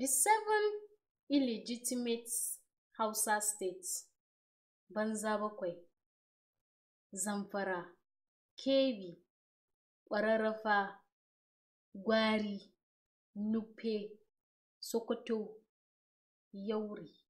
The seven illegitimate Hausa states Banza bakwai Zamfara Kebbi Ƙwararrafa Gwari Nupe Sokoto Yauri